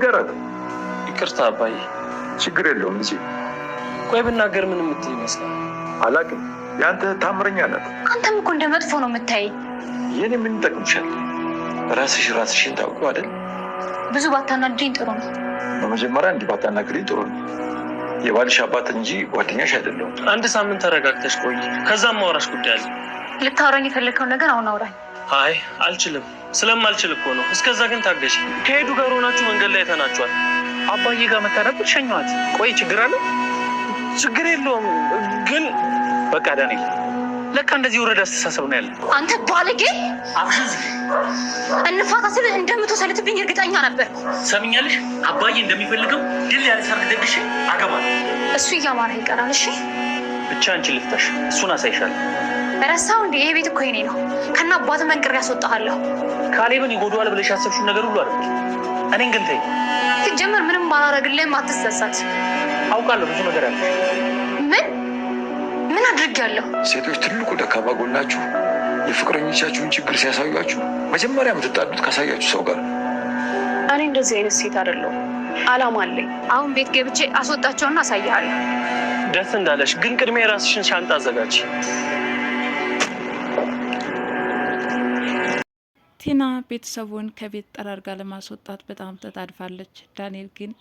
ንገረን። ይቅርታ አባዬ። ችግር የለውም ልጄ። ቆይ ብናገር ምን የምትል ይመስላል? አላቅም። የአንተ ታምረኛ ናት። አንተም እኮ እንደ መጥፎ ነው የምታይ። ይህን ምን ይጠቅምሻል? ራስሽ ራስሽን ታውቁ አይደል? ብዙ ባታናግሪኝ ጥሩ ነው። በመጀመሪያ እንዲህ ባታናግሪኝ ጥሩ ነው። የባልሽ አባት እንጂ ጓደኛሽ አይደለሁም። አንድ ሳምንት ተረጋግተሽ ቆይ፣ ከዛም ማውራሽ ጉዳይ አለ። ልታወራኝ የፈለግከው ነገር አሁን አውራኝ። አይ አልችልም። ስለማልችል እኮ ነው። እስከዛ ግን ታገሽ። ከሄዱ ጋር ሆናችሁ መንገድ ላይ ተናችኋል። አባዬ ጋር መታ ነበር ሸኘኋት። ቆይ ችግር አለ? ችግር የለውም ግን በቃ ዳኔ ለካ እንደዚህ ውረድ አስተሳሰብ ነው ያለ። አንተ ባለጌ እንፋታ ስል እንደምትወሰልትብኝ እርግጠኛ ነበር። ሰምኛለሽ፣ አባዬ እንደሚፈልገው ድል ያለ ሰርግ ደግሼ አገባል። እሱ እያማረ ይቀራል። እሺ ብቻ አንቺ ልፍታሽ፣ እሱን አሳይሻለሁ። ረሳው እንዲ ይሄ ቤት እኮ የኔ ነው። ከና አባት መንቅር ያስወጣሃለሁ። ካሌብን ይጎዳዋል ብለሽ ያሰብሽውን ነገር ሁሉ አድርግ። እኔን ግን ተይ። ሲጀመር ምንም ባላረግልህም አትሰሳት። አውቃለሁ ብዙ ነገር ያለ ምን ምን አድርጌያለሁ? ሴቶች ትልቁ ደካማ ጎናችሁ የፍቅረኞቻችሁን ችግር ሲያሳዩችሁ መጀመሪያ የምትጣዱት ካሳያችሁ ሰው ጋር። እኔ እንደዚህ አይነት ሴት አይደለሁም። አላማ አለኝ። አሁን ቤት ገብቼ አስወጣቸውና አሳያለሁ። ደስ እንዳለሽ ግን ቅድሚያ የራስሽን ሻንጣ አዘጋጅ። ቲና ቤተሰቡን ከቤት ጠራርጋ ለማስወጣት በጣም ተጣድፋለች። ዳንኤል ግን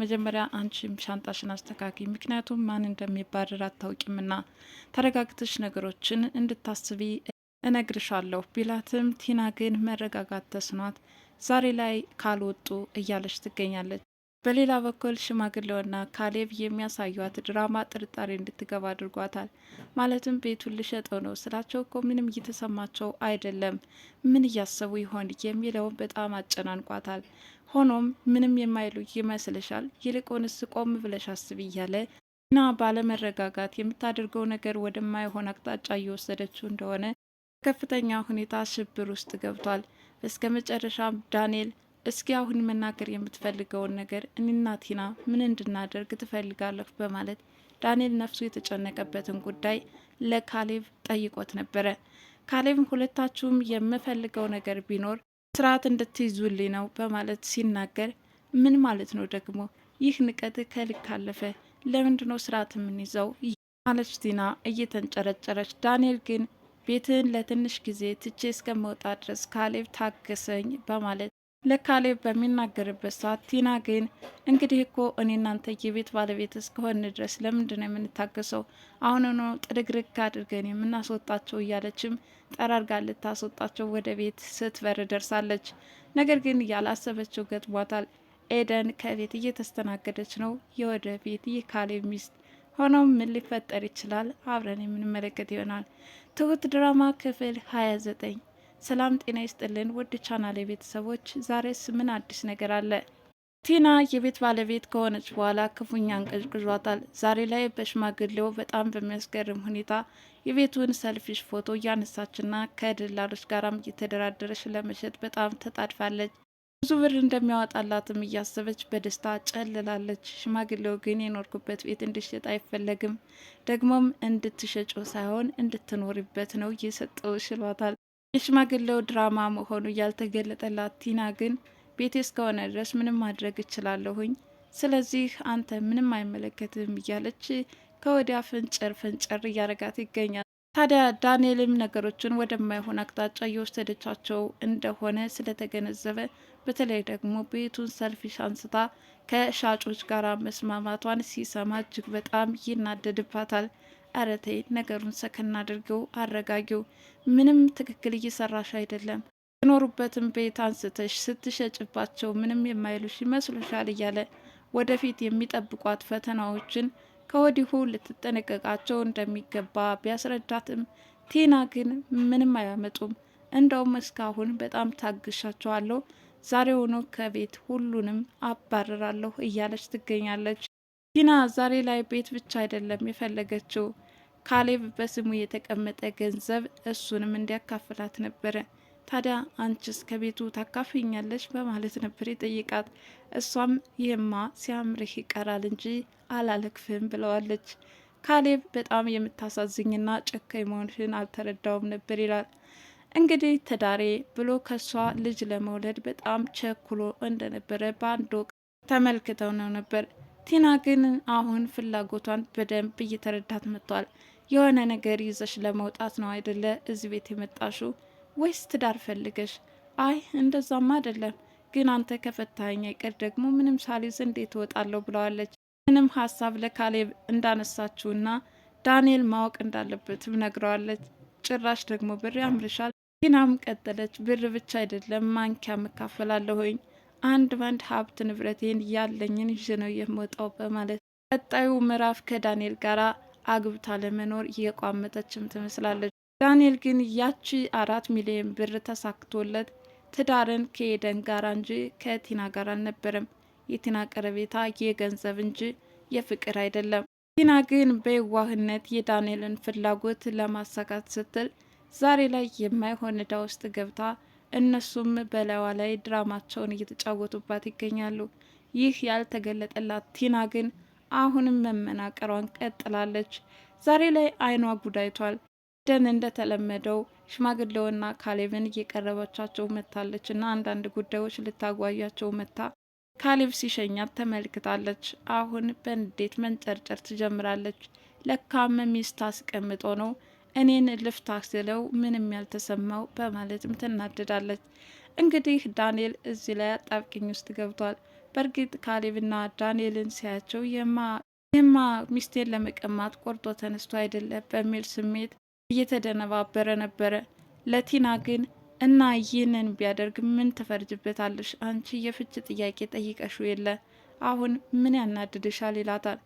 መጀመሪያ አንቺም ሻንጣሽን አስተካኪ፣ ምክንያቱም ማን እንደሚባረር አታውቂምና ተረጋግተሽ ነገሮችን እንድታስቢ እነግርሻለሁ ቢላትም ቲና ግን መረጋጋት ተስኗት ዛሬ ላይ ካልወጡ እያለች ትገኛለች። በሌላ በኩል ሽማግሌውና ካሌብ የሚያሳዩት ድራማ ጥርጣሬ እንድትገባ አድርጓታል። ማለትም ቤቱን ልሸጠው ነው ስላቸው እኮ ምንም እየተሰማቸው አይደለም፣ ምን እያሰቡ ይሆን የሚለው በጣም አጨናንቋታል። ሆኖም ምንም የማይሉ ይመስልሻል? ይልቁንስ ቆም ብለሽ አስብ እያለ እና ባለመረጋጋት የምታደርገው ነገር ወደማይሆን አቅጣጫ እየወሰደችው እንደሆነ በከፍተኛ ሁኔታ ሽብር ውስጥ ገብቷል። እስከ መጨረሻም ዳንኤል እስኪ አሁን መናገር የምትፈልገውን ነገር እኔና ቲና ምን እንድናደርግ ትፈልጋለሁ በማለት ዳንኤል ነፍሱ የተጨነቀበትን ጉዳይ ለካሌቭ ጠይቆት ነበረ። ካሌቭ ሁለታችሁም የምፈልገው ነገር ቢኖር ስርዓት እንድትይዙልኝ ነው በማለት ሲናገር ምን ማለት ነው ደግሞ ይህ ንቀት ከልክ ካለፈ ለምንድን ነው ስርዓት የምንይዘው? ማለች ቲና እየተንጨረጨረች። ዳንኤል ግን ቤትህን ለትንሽ ጊዜ ትቼ እስከመውጣ ድረስ ካሌቭ ታገሰኝ በማለት ለካሌብ በሚናገርበት ሰዓት ቲና ግን እንግዲህ እኮ እኔ እናንተ የቤት ባለቤት እስከሆን ድረስ ለምንድን ነው የምንታገሰው? አሁንኑ ጥድግርግ አድርገን የምናስወጣቸው እያለችም ጠራርጋ ልታስወጣቸው ወደ ቤት ስትበር ደርሳለች። ነገር ግን ያላሰበችው ገጥሟታል። ኤደን ከቤት እየተስተናገደች ነው የወደፊት የካሌብ ሚስት። ሆኖም ምን ሊፈጠር ይችላል? አብረን የምንመለከት ይሆናል። ትሁት ድራማ ክፍል 29 ሰላም ጤና ይስጥልን ውድ ቻናል የቤተሰቦች፣ ዛሬስ ምን አዲስ ነገር አለ? ቲና የቤት ባለቤት ከሆነች በኋላ ክፉኛ እንቀዥቅዟታል። ዛሬ ላይ በሽማግሌው በጣም በሚያስገርም ሁኔታ የቤቱን ሰልፊሽ ፎቶ እያነሳችና ከደላሎች ጋራም እየተደራደረች ለመሸጥ በጣም ተጣድፋለች። ብዙ ብር እንደሚያወጣላትም እያሰበች በደስታ ጨልላለች። ሽማግሌው ግን የኖርኩበት ቤት እንድሸጥ አይፈለግም፣ ደግሞም እንድትሸጩ ሳይሆን እንድትኖሪበት ነው እየሰጠው ሽሏታል። የሽማግሌው ድራማ መሆኑ ያልተገለጠላት ቲና ግን ቤቴ እስከሆነ ድረስ ምንም ማድረግ እችላለሁኝ፣ ስለዚህ አንተ ምንም አይመለከትም እያለች ከወዲያ ፍንጭር ፍንጭር እያረጋት ይገኛል። ታዲያ ዳንኤልም ነገሮችን ወደማይሆን አቅጣጫ እየወሰደቻቸው እንደሆነ ስለተገነዘበ በተለይ ደግሞ ቤቱን ሰልፊሽ አንስታ ከሻጮች ጋር መስማማቷን ሲሰማ እጅግ በጣም ይናደድባታል። ኧረ ተይ ነገሩን ሰከን አድርገው አረጋጊው። ምንም ትክክል እየሰራሽ አይደለም። የኖሩበትን ቤት አንስተሽ ስትሸጭባቸው ምንም የማይሉሽ ይመስሉሻል እያለ ወደፊት የሚጠብቋት ፈተናዎችን ከወዲሁ ልትጠነቀቃቸው እንደሚገባ ቢያስረዳትም ቲና ግን ምንም አያመጡም። እንደውም እስካሁን በጣም ታግሻቸዋለሁ፣ ዛሬውኑ ከቤት ሁሉንም አባረራለሁ እያለች ትገኛለች። ቲና ዛሬ ላይ ቤት ብቻ አይደለም የፈለገችው፣ ካሌብ በስሙ የተቀመጠ ገንዘብ እሱንም እንዲያካፍላት ነበረ። ታዲያ አንቺስ ከቤቱ ታካፍኛለች በማለት ነበር የጠይቃት። እሷም ይህማ ሲያምርህ ይቀራል እንጂ አላለክፍም ብለዋለች። ካሌብ በጣም የምታሳዝኝና ጨካኝ መሆንህን አልተረዳውም ነበር ይላል። እንግዲህ ትዳሬ ብሎ ከሷ ልጅ ለመውለድ በጣም ቸኩሎ እንደነበረ በአንድ ወቅት ተመልክተው ነው ነበር ቲና ግን አሁን ፍላጎቷን በደንብ እየተረዳት መጥቷል። የሆነ ነገር ይዘሽ ለመውጣት ነው አይደለ እዚህ ቤት የመጣሹ ወይስ ትዳር ፈልገሽ? አይ እንደዛም አይደለም፣ ግን አንተ ከፈታኝ አይቀር ደግሞ ምንም ሳሊዝ እንዴት እወጣለሁ ብለዋለች። ምንም ሀሳብ ለካሌብ እንዳነሳችውና ዳንኤል ማወቅ እንዳለበትም ነግረዋለች። ጭራሽ ደግሞ ብር ያምርሻል። ቲናም ቀጠለች፣ ብር ብቻ አይደለም ማንኪያ መካፈላለሁኝ አንድ ባንድ ሀብት ንብረቴን ያለኝን ይዤ ነው የምወጣው በማለት ቀጣዩ ምዕራፍ ከዳንኤል ጋር አግብታ ለመኖር እየቋመጠችም ትመስላለች። ዳንኤል ግን ያቺ አራት ሚሊዮን ብር ተሳክቶለት ትዳርን ከኤደን ጋር እንጂ ከቲና ጋር አልነበረም። የቲና ቀረቤታ የገንዘብ እንጂ የፍቅር አይደለም። ቲና ግን በየዋህነት የዳንኤልን ፍላጎት ለማሳካት ስትል ዛሬ ላይ የማይሆን ዕዳ ውስጥ ገብታ እነሱም በላዋ ላይ ድራማቸውን እየተጫወቱባት ይገኛሉ። ይህ ያልተገለጠላት ቲና ግን አሁንም መመናቀሯን ቀጥላለች። ዛሬ ላይ አይኗ ጉዳይቷል። ደን እንደተለመደው ሽማግሌውና ካሌብን እየቀረበቻቸው መታለች እና አንዳንድ ጉዳዮች ልታጓያቸው መታ ካሌብ ሲሸኛት ተመልክታለች። አሁን በንዴት መንጨርጨር ትጀምራለች። ለካም ሚስት አስቀምጦ ነው እኔን ልፍታ ሲለው ምንም ያልተሰማው በማለትም ትናደዳለች። እንግዲህ ዳንኤል እዚህ ላይ አጣብቂኝ ውስጥ ገብቷል። በእርግጥ ካሌብና ዳንኤልን ሲያቸው የማ ሚስቴን ለመቀማት ቆርጦ ተነስቶ አይደለም በሚል ስሜት እየተደነባበረ ነበረ። ለቲና ግን እና ይህንን ቢያደርግ ምን ትፈርጅበታለሽ? አንቺ የፍች ጥያቄ ጠይቀሹ የለ አሁን ምን ያናድድሻል? ይላታል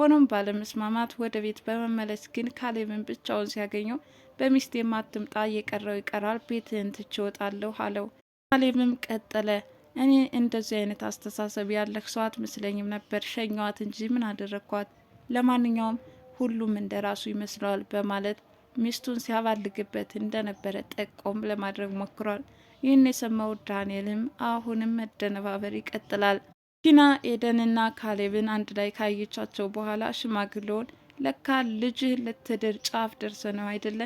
ሆኖም ባለመስማማት ወደ ቤት በመመለስ ግን ካሌብን ብቻውን ሲያገኘው በሚስት የማትምጣ የቀረው ይቀራል፣ ቤትህን ትቼ እወጣለሁ አለው። ካሌብም ቀጠለ፣ እኔ እንደዚህ አይነት አስተሳሰብ ያለህ ሰው አትመስለኝም ነበር፣ ሸኘዋት እንጂ ምን አደረግኳት? ለማንኛውም ሁሉም እንደ ራሱ ይመስለዋል በማለት ሚስቱን ሲያባልግበት እንደነበረ ጠቆም ለማድረግ ሞክሯል። ይህን የሰማው ዳንኤልም አሁንም መደነባበር ይቀጥላል። ቲና ኤደንና ካሌብን አንድ ላይ ካየቻቸው በኋላ ሽማግሌውን ለካ ልጅህ ልትድር ጫፍ ደርሰ ነው አይደለ?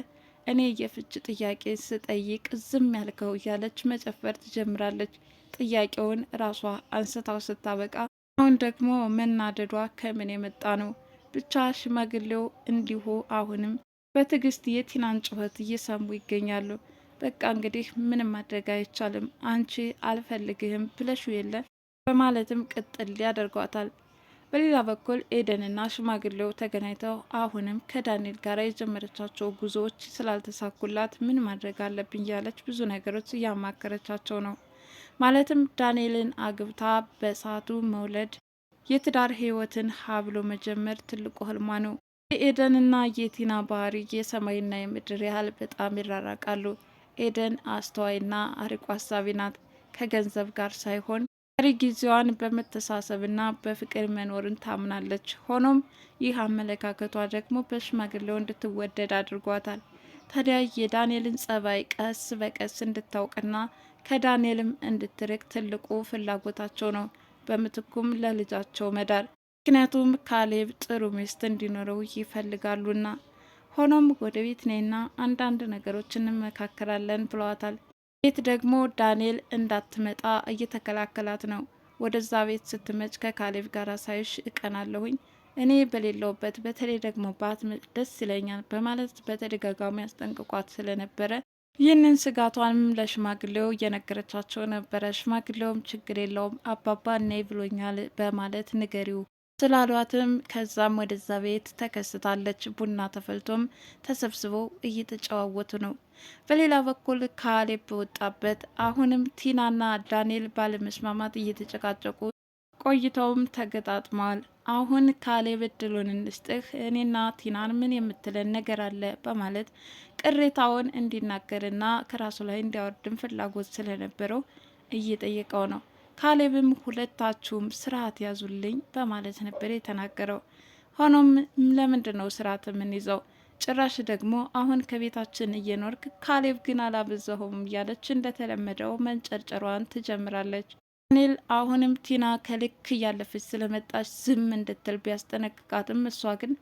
እኔ የፍች ጥያቄ ስጠይቅ ዝም ያልከው እያለች መጨፈር ትጀምራለች። ጥያቄውን ራሷ አንስታው ስታበቃ አሁን ደግሞ መናደዷ ከምን የመጣ ነው? ብቻ ሽማግሌው እንዲሁ አሁንም በትዕግስት የቲናን ጩኸት እየሰሙ ይገኛሉ። በቃ እንግዲህ ምንም ማድረግ አይቻልም። አንቺ አልፈልግህም ብለሹ የለን በማለትም ቅጥል ያደርጓታል። በሌላ በኩል ኤደንና ሽማግሌው ተገናኝተው አሁንም ከዳንኤል ጋር የጀመረቻቸው ጉዞዎች ስላልተሳኩላት ምን ማድረግ አለብኝ እያለች ብዙ ነገሮች እያማከረቻቸው ነው። ማለትም ዳንኤልን አግብታ በሰዓቱ መውለድ፣ የትዳር ህይወትን ሀብሎ መጀመር ትልቁ ህልሟ ነው። የኤደንና የቲና ባህሪ የሰማይና የምድር ያህል በጣም ይራራቃሉ። ኤደን አስተዋይና አርቆ አሳቢ ናት። ከገንዘብ ጋር ሳይሆን ቀሪ ጊዜዋን በመተሳሰብና በፍቅር መኖርን ታምናለች። ሆኖም ይህ አመለካከቷ ደግሞ በሽማግሌው እንድትወደድ አድርጓታል። ታዲያ የዳንኤልን ጸባይ ቀስ በቀስ እንድታውቅና ከዳንኤልም እንድትርቅ ትልቁ ፍላጎታቸው ነው። በምትኩም ለልጃቸው መዳር፣ ምክንያቱም ካሌብ ጥሩ ሚስት እንዲኖረው ይፈልጋሉና። ሆኖም ወደ ቤት ነይና አንዳንድ ነገሮች እንመካከራለን ብለዋታል። ቤት ደግሞ ዳንኤል እንዳትመጣ እየተከላከላት ነው። ወደዛ ቤት ስትመጭ ከካሌብ ጋር ሳይሽ እቀናለሁኝ እኔ በሌለውበት በተለይ ደግሞ በአትመጭ ደስ ይለኛል በማለት በተደጋጋሚ አስጠንቅቋት ስለነበረ ይህንን ስጋቷንም ለሽማግሌው እየነገረቻቸው ነበረ። ሽማግሌውም ችግር የለውም አባባ ነይ ብሎኛል በማለት ንገሪው ስላሏትም ከዛም ወደዛ ቤት ተከስታለች። ቡና ተፈልቶም ተሰብስቦ እየተጨዋወቱ ነው። በሌላ በኩል ካሌብ በወጣበት አሁንም ቲናና ዳንኤል ባለመስማማት እየተጨቃጨቁ ቆይተውም ተገጣጥመዋል። አሁን ካሌብ እድሉን እንስጥህ፣ እኔና ቲናን ምን የምትለን ነገር አለ በማለት ቅሬታውን እንዲናገርና ከራሱ ላይ እንዲያወርድም ፍላጎት ስለነበረው እየጠየቀው ነው። ካሌብም ሁለታችሁም ስርዓት ያዙልኝ በማለት ነበር የተናገረው። ሆኖም ለምንድን ነው ስርዓት የምንይዘው? ጭራሽ ደግሞ አሁን ከቤታችን እየኖርክ ካሌብ ግን አላበዛሁም እያለች እንደተለመደው መንጨርጨሯን ትጀምራለች። ዳንኤል አሁንም ቲና ከልክ እያለፈች ስለመጣች ዝም እንድትል ቢያስጠነቅቃትም እሷ ግን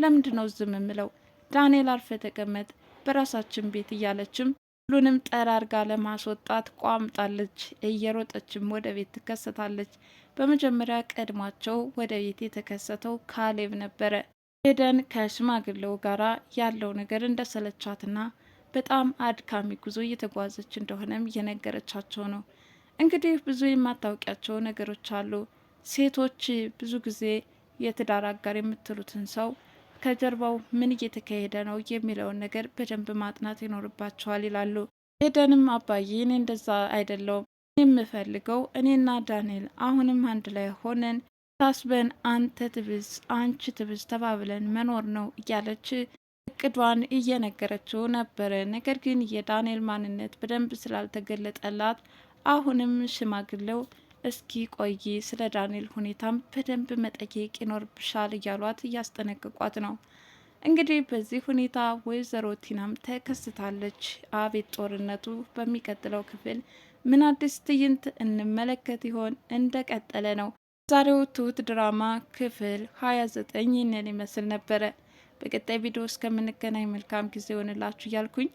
ለምንድን ነው ዝም ምለው? ዳንኤል አርፈ ተቀመጥ፣ በራሳችን ቤት እያለችም ሁሉንም ጠራርጋ ለማስወጣት ቋምጣለች። እየሮጠችም ወደ ቤት ትከሰታለች። በመጀመሪያ ቀድማቸው ወደ ቤት የተከሰተው ካሌብ ነበረ። ኤደን ከሽማግሌው ጋር ያለው ነገር እንደሰለቻትና በጣም አድካሚ ጉዞ እየተጓዘች እንደሆነም እየነገረቻቸው ነው። እንግዲህ ብዙ የማታውቂያቸው ነገሮች አሉ። ሴቶች ብዙ ጊዜ የትዳር አጋር የምትሉትን ሰው ከጀርባው ምን እየተካሄደ ነው የሚለውን ነገር በደንብ ማጥናት ይኖርባቸዋል ይላሉ። ኤደንም አባዬ እኔ እንደዛ አይደለውም የምፈልገው እኔና ዳንኤል አሁንም አንድ ላይ ሆነን ታስበን አንተ ትብስ አንቺ ትብስ ተባብለን መኖር ነው እያለች እቅዷን እየነገረችው ነበረ። ነገር ግን የዳንኤል ማንነት በደንብ ስላልተገለጠላት አሁንም ሽማግሌው እስኪ ቆይ ስለ ዳንኤል ሁኔታም በደንብ መጠየቅ ይኖርብሻል እያሏት እያስጠነቅቋት ነው። እንግዲህ በዚህ ሁኔታ ወይዘሮ ቲናም ተከስታለች። አቤት ጦርነቱ! በሚቀጥለው ክፍል ምን አዲስ ትዕይንት እንመለከት ይሆን? እንደቀጠለ ነው። ዛሬው ትሁት ድራማ ክፍል 29 ይህንን ይመስል ነበረ። በቀጣይ ቪዲዮ እስከምንገናኝ መልካም ጊዜ ይሆንላችሁ እያልኩኝ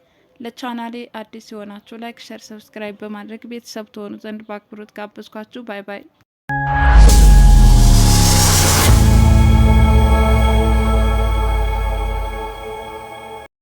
ለቻናሌ አዲስ የሆናችሁ ላይክ፣ ሸር፣ ሰብስክራይብ በማድረግ ቤተሰብ ትሆኑ ዘንድ በአክብሮት ጋበዝኳችሁ። ባይ ባይ።